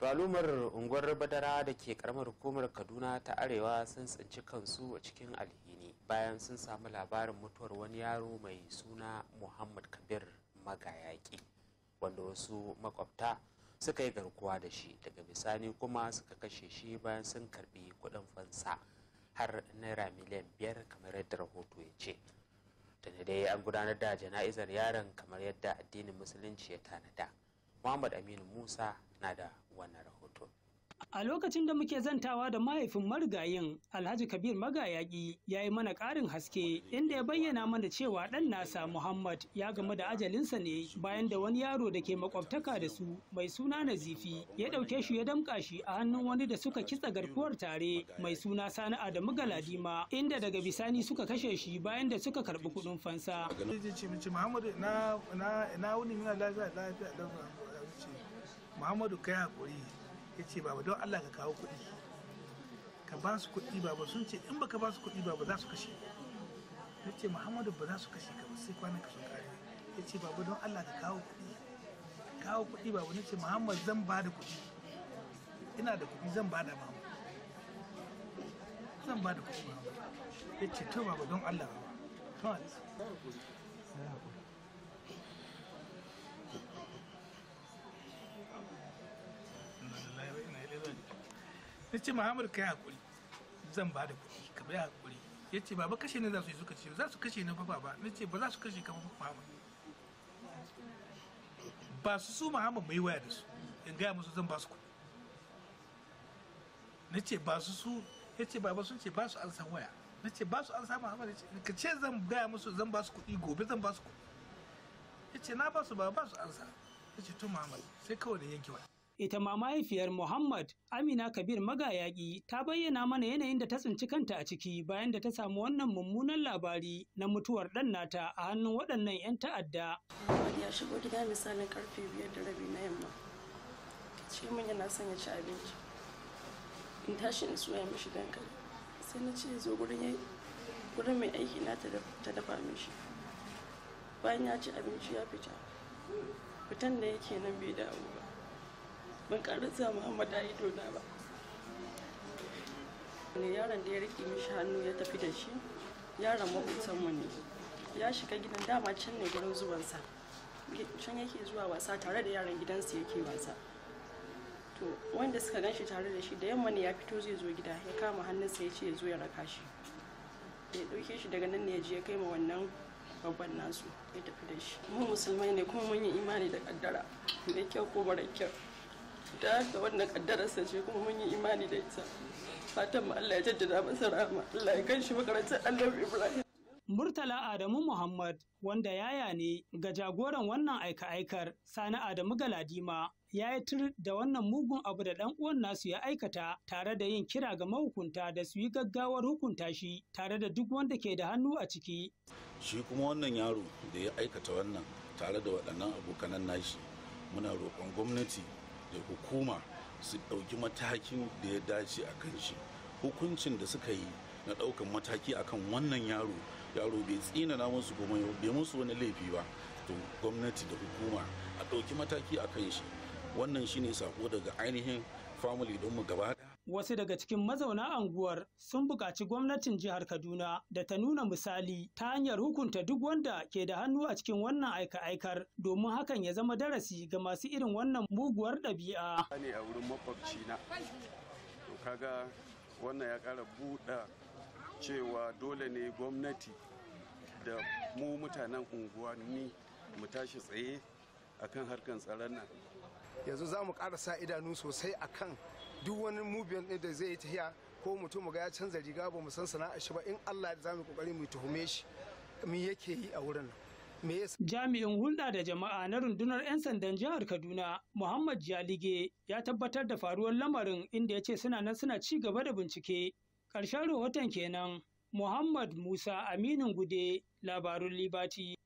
balumar unguwar badara da ke karamar hukumar kaduna ta arewa sun tsinci kansu a cikin alhini bayan sun samu labarin mutuwar wani yaro mai suna muhammad kabir magayaki wanda wasu makwabta suka yi garkuwa da shi daga bisani kuma suka kashe shi bayan sun karbi kudin fansa har naira miliyan biyar kamar yadda rahoto ya ce tana dai an gudanar da jana'izar yaron kamar yadda addinin musulunci ya tanada. Muhammad Aminu Musa na da wannan rahoto. A lokacin da muke zantawa da mahaifin marigayin Alhaji Kabir Magayaki ya yi mana ƙarin haske inda ya bayyana mana cewa ɗan nasa Muhammad ya gamu da ajalinsa ne bayan da wani yaro da ke makwabtaka da su mai suna Nazifi ya ɗauke shi ya damƙa shi a hannun wani da suka kitsa garkuwar tare mai suna Sani Adamu Galadima inda daga bisani suka kashe shi bayan da suka karɓi kuɗin fansa. muhammadu kai hakuri ya ce baba don allah ka kawo kuɗi ka ba su kuɗi baba sun ce in baka ba su kuɗi baba za su kashe ya ce muhammadu ba za su kashe ka ba sai kwana ka sun kare ya ce baba don allah ka kawo kuɗi kawo kuɗi baba na ce muhammadu zan ba da kuɗi ina da kuɗi zan ba da muhammad zan ba da kuɗi ya ce to baba don allah baba to na ce muhammad kai hakuri zan ba da kuɗi ka bai hakuri ya ce baba kashe ne za su yi suka ce za su kashe ne fa ba na ce ba za su kashe ka ba ba su su muhammad mai waya da su in gaya musu zan ba su kuɗi na ce ba su su ya ce baba sun ce ba su an san waya na ce ba su an samu hamar ka ce zan gaya musu zan ba su kuɗi gobe zan ba su kuɗi ya ce na ba su ba ba su an sa ya ce to muhammad sai kawai da yanke waya ita ma mahaifiyar Muhammad Amina Kabir magayaƙi ta bayyana mana yanayin da ta tsinci kanta a ciki bayan da ta samu wannan mummunan labari na mutuwar ɗan nata a hannun waɗannan 'yan ta'adda. Ya shigo gida misalin karfe biyar da rabi na yamma. Ce min yana son ya ci abinci. In tashi in so ya mishi dankali. Sai na ce zo gurin gurin mai aiki na ta dafa mishi. Bayan ya ci abinci ya fita. Fitan da yake nan bai dawo ba. ban karasa muhammad a na ba ne yaron da ya rike mishi hannu ya tafi da shi yaron mu ne ya shiga gidan dama can ne gurin zuwansa can yake zuwa wasa tare da yaran gidansa yake wasa to wanda suka gan shi tare da shi da yamma ne ya fito zai zo gida ya kama hannunsa ya ce ya zo ya raka shi ya ɗauke shi daga nan ne ya je ya kai ma wannan babban nasu ya tafi da shi mu musulmai ne kuma mun yi imani da kaddara mai kyau ko mara kyau cuta da kaddararsa ce kuma mun yi imani da ita fatan mu Allah ya jaddada masa rahama makarantar Allah Ibrahim Murtala Adamu Muhammad wanda yaya ne ga jagoran wannan aika-aikar Sani Adamu Galadima ya yi tur da wannan mugun abu da ɗan uwan nasu ya aikata tare da yin kira ga mahukunta da su yi gaggawar hukunta shi tare da duk wanda ke da hannu a ciki. Shi kuma wannan yaro da ya aikata wannan tare da waɗannan abokanan nashi muna roƙon gwamnati da hukuma su ɗauki matakin da ya dace a kan shi hukuncin da suka yi na ɗaukan mataki akan wannan yaro yaro bai tsina musu bai musu wani laifi ba to gwamnati da hukuma a ɗauki mataki a kan shi wannan shine sako daga ainihin famili don mu gaba Wasu daga cikin mazauna anguwar sun buƙaci gwamnatin jihar Kaduna da ta nuna misali ta hanyar hukunta duk wanda ke da hannu a cikin wannan aika-aikar domin hakan ya zama darasi ga masu irin wannan muguwar ɗabi'a. a kaga wannan ya buɗa cewa dole ne gwamnati da mu mutanen unguwanni mu tashi tsaye akan harkan tsaron nan. Yanzu za mu ƙara sa idanu sosai akan duk wani mubiyan ɗin da zai yi tahiya ko mutum ga ya canza riga ba mu san sana'a shi ba in Allah ya zamu kokari mu tuhume shi me yake yi a wurin Jami'in hulɗa da jama'a na rundunar 'yan sandan jihar Kaduna, Muhammad Jalige, ya tabbatar da faruwar lamarin inda ya ce suna nan suna ci gaba da bincike. Ƙarshen rahoton kenan, Muhammad Musa Aminu Gude, labarun Libati.